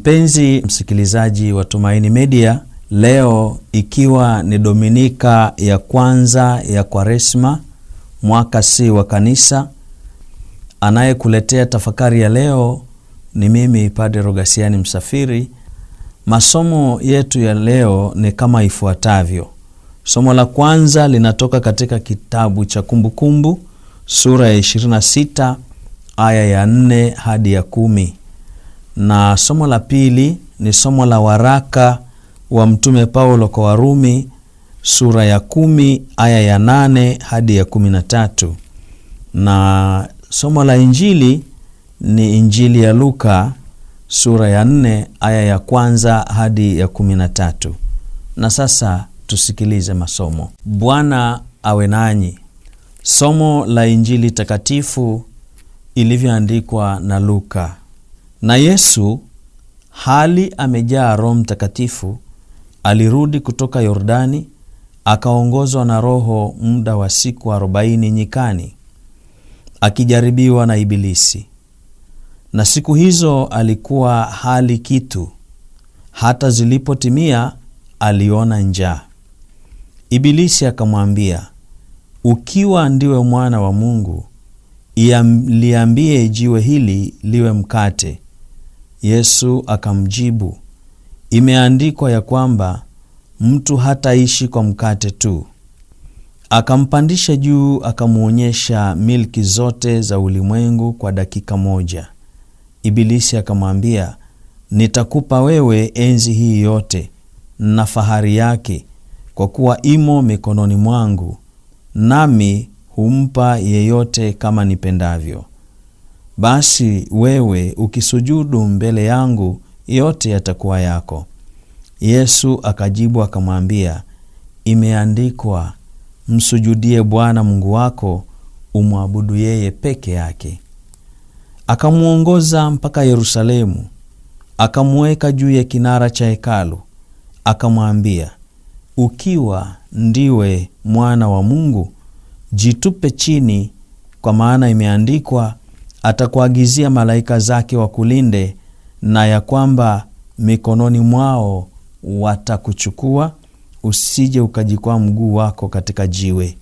Mpenzi msikilizaji wa Tumaini Media, leo ikiwa ni Dominika ya kwanza ya Kwaresma mwaka si wa Kanisa, anayekuletea tafakari ya leo ni mimi Padre Rogasiani Msafiri. Masomo yetu ya leo ni kama ifuatavyo: Somo la kwanza linatoka katika kitabu cha Kumbukumbu sura ya 26 aya ya 4 hadi ya kumi, na somo la pili ni somo la waraka wa Mtume Paulo kwa Warumi sura ya kumi aya ya 8 hadi ya 13, na somo la Injili ni Injili ya Luka sura ya 4 aya ya kwanza hadi ya 13. Na sasa tusikilize masomo. Bwana awe nanyi. Somo la Injili takatifu ilivyoandikwa na Luka. Na Yesu hali amejaa Roho Mtakatifu alirudi kutoka Yordani akaongozwa na Roho muda wa siku arobaini nyikani akijaribiwa na Ibilisi. Na siku hizo alikuwa hali kitu, hata zilipotimia aliona njaa. Ibilisi akamwambia, ukiwa ndiwe mwana wa Mungu, liambie jiwe hili liwe mkate. Yesu akamjibu, imeandikwa ya kwamba mtu hataishi kwa mkate tu. Akampandisha juu, akamwonyesha milki zote za ulimwengu kwa dakika moja. Ibilisi akamwambia, nitakupa wewe enzi hii yote na fahari yake, kwa kuwa imo mikononi mwangu, nami humpa yeyote kama nipendavyo. Basi wewe ukisujudu mbele yangu, yote yatakuwa yako. Yesu akajibu akamwambia, imeandikwa, msujudie Bwana Mungu wako, umwabudu yeye peke yake. Akamwongoza mpaka Yerusalemu, akamuweka juu ya kinara cha hekalu, akamwambia ukiwa ndiwe mwana wa Mungu, jitupe chini, kwa maana imeandikwa, atakuagizia malaika zake wakulinde, na ya kwamba mikononi mwao watakuchukua, usije ukajikwaa mguu wako katika jiwe.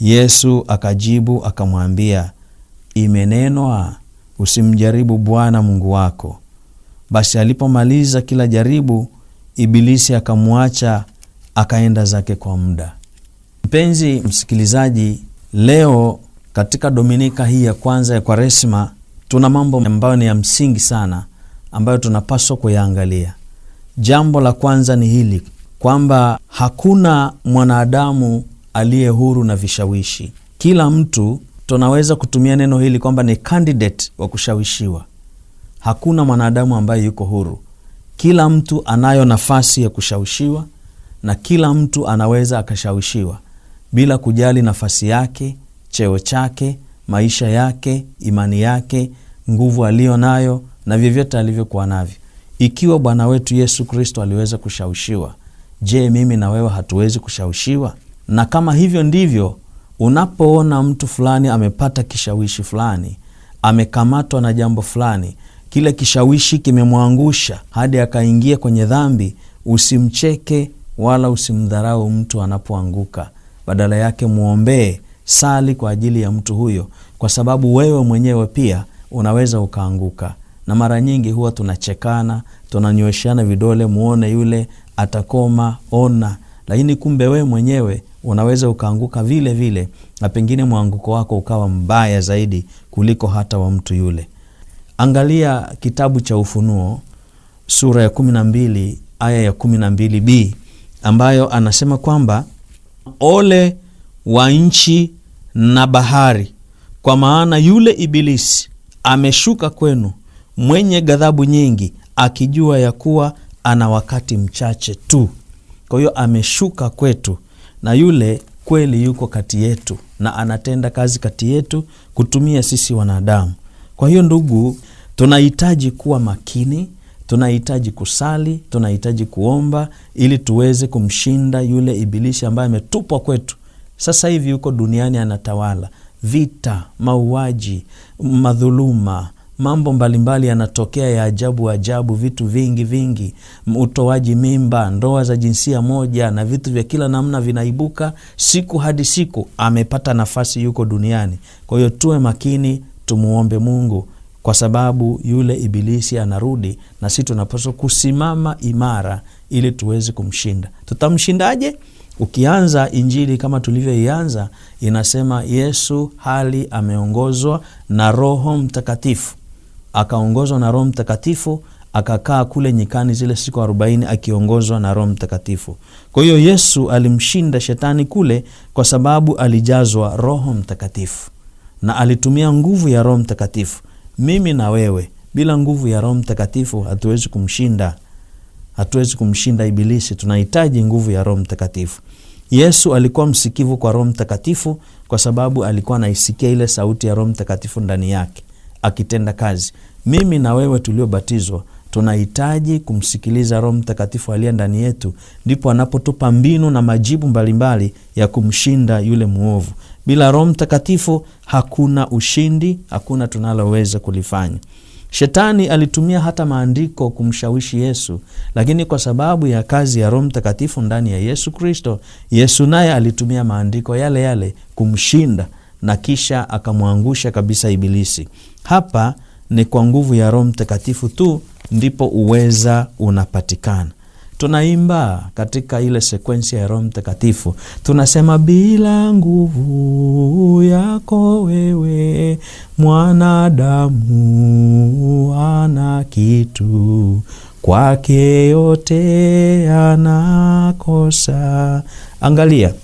Yesu akajibu akamwambia, imenenwa, usimjaribu Bwana Mungu wako. Basi alipomaliza kila jaribu, Ibilisi akamwacha akaenda zake kwa muda. Mpenzi msikilizaji, leo katika dominika hii ya kwanza ya Kwaresma tuna mambo ambayo ni ya msingi sana ambayo tunapaswa kuyaangalia. Jambo la kwanza ni hili kwamba hakuna mwanadamu aliye huru na vishawishi. Kila mtu tunaweza kutumia neno hili kwamba ni candidate wa kushawishiwa. Hakuna mwanadamu ambaye yuko huru, kila mtu anayo nafasi ya kushawishiwa na kila mtu anaweza akashawishiwa bila kujali nafasi yake, cheo chake, maisha yake, imani yake, nguvu aliyo nayo na vyovyote alivyokuwa navyo. Ikiwa Bwana wetu Yesu Kristo aliweza kushawishiwa, je, mimi na wewe hatuwezi kushawishiwa? Na kama hivyo ndivyo, unapoona mtu fulani amepata kishawishi fulani, amekamatwa na jambo fulani, kile kishawishi kimemwangusha hadi akaingia kwenye dhambi, usimcheke wala usimdharau mtu anapoanguka. Badala yake mwombee, sali kwa ajili ya mtu huyo, kwa sababu wewe mwenyewe pia unaweza ukaanguka. Na mara nyingi huwa tunachekana, tunanyweshana vidole, muone yule atakoma, ona, lakini kumbe wewe mwenyewe unaweza ukaanguka vile vile, na pengine mwanguko wako ukawa mbaya zaidi kuliko hata wa mtu yule. Angalia kitabu cha Ufunuo sura ya 12 aya ya 12b ambayo anasema kwamba ole wa nchi na bahari, kwa maana yule Ibilisi ameshuka kwenu mwenye ghadhabu nyingi, akijua ya kuwa ana wakati mchache tu. Kwa hiyo ameshuka kwetu, na yule kweli yuko kati yetu na anatenda kazi kati yetu kutumia sisi wanadamu. Kwa hiyo, ndugu, tunahitaji kuwa makini tunahitaji kusali, tunahitaji kuomba ili tuweze kumshinda yule ibilishi ambaye ametupwa kwetu. Sasa hivi yuko duniani anatawala, vita, mauaji, madhuluma, mambo mbalimbali yanatokea ya ajabu ajabu, vitu vingi vingi, utoaji mimba, ndoa za jinsia moja na vitu vya kila namna vinaibuka siku hadi siku. Amepata nafasi, yuko duniani. Kwa hiyo tuwe makini, tumuombe Mungu kwa sababu yule Ibilisi anarudi na si tunapaswa kusimama imara ili tuweze kumshinda. Tutamshindaje? Ukianza Injili kama tulivyoianza, inasema Yesu hali ameongozwa na Roho Mtakatifu, akaongozwa na Roho Mtakatifu akakaa kule nyikani zile siku arobaini akiongozwa na Roho Mtakatifu. Kwa hiyo Yesu alimshinda shetani kule kwa sababu alijazwa Roho Mtakatifu na alitumia nguvu ya Roho Mtakatifu mimi na wewe bila nguvu ya Roho Mtakatifu hatuwezi kumshinda, hatuwezi kumshinda Ibilisi. Tunahitaji nguvu ya Roho Mtakatifu. Yesu alikuwa msikivu kwa Roho Mtakatifu kwa sababu alikuwa anaisikia ile sauti ya Roho Mtakatifu ndani yake akitenda kazi. Mimi na wewe tuliobatizwa tunahitaji kumsikiliza Roho Mtakatifu aliye ndani yetu, ndipo anapotupa mbinu na majibu mbalimbali mbali ya kumshinda yule mwovu. Bila Roho Mtakatifu hakuna ushindi, hakuna tunaloweza kulifanya. Shetani alitumia hata maandiko kumshawishi Yesu, lakini kwa sababu ya kazi ya Roho Mtakatifu ndani ya Yesu Kristo, Yesu naye alitumia maandiko yale yale kumshinda na kisha akamwangusha kabisa Ibilisi. Hapa ni kwa nguvu ya Roho Mtakatifu tu ndipo uweza unapatikana. Tunaimba katika ile sekwensi ya Roho Mtakatifu, tunasema bila nguvu yako wewe mwanadamu ana kitu kwake yote anakosa. Angalia,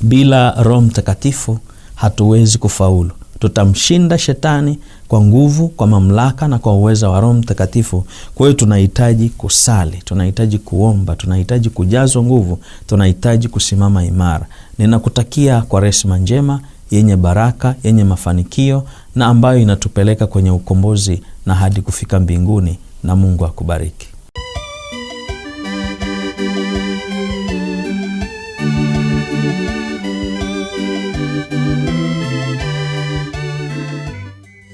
bila Roho Mtakatifu hatuwezi kufaulu tutamshinda shetani kwa nguvu, kwa mamlaka na kwa uweza wa Roho Mtakatifu. Kwa hiyo tunahitaji kusali, tunahitaji kuomba, tunahitaji kujazwa nguvu, tunahitaji kusimama imara. Ninakutakia resima njema yenye baraka, yenye mafanikio na ambayo inatupeleka kwenye ukombozi na hadi kufika mbinguni, na Mungu akubariki.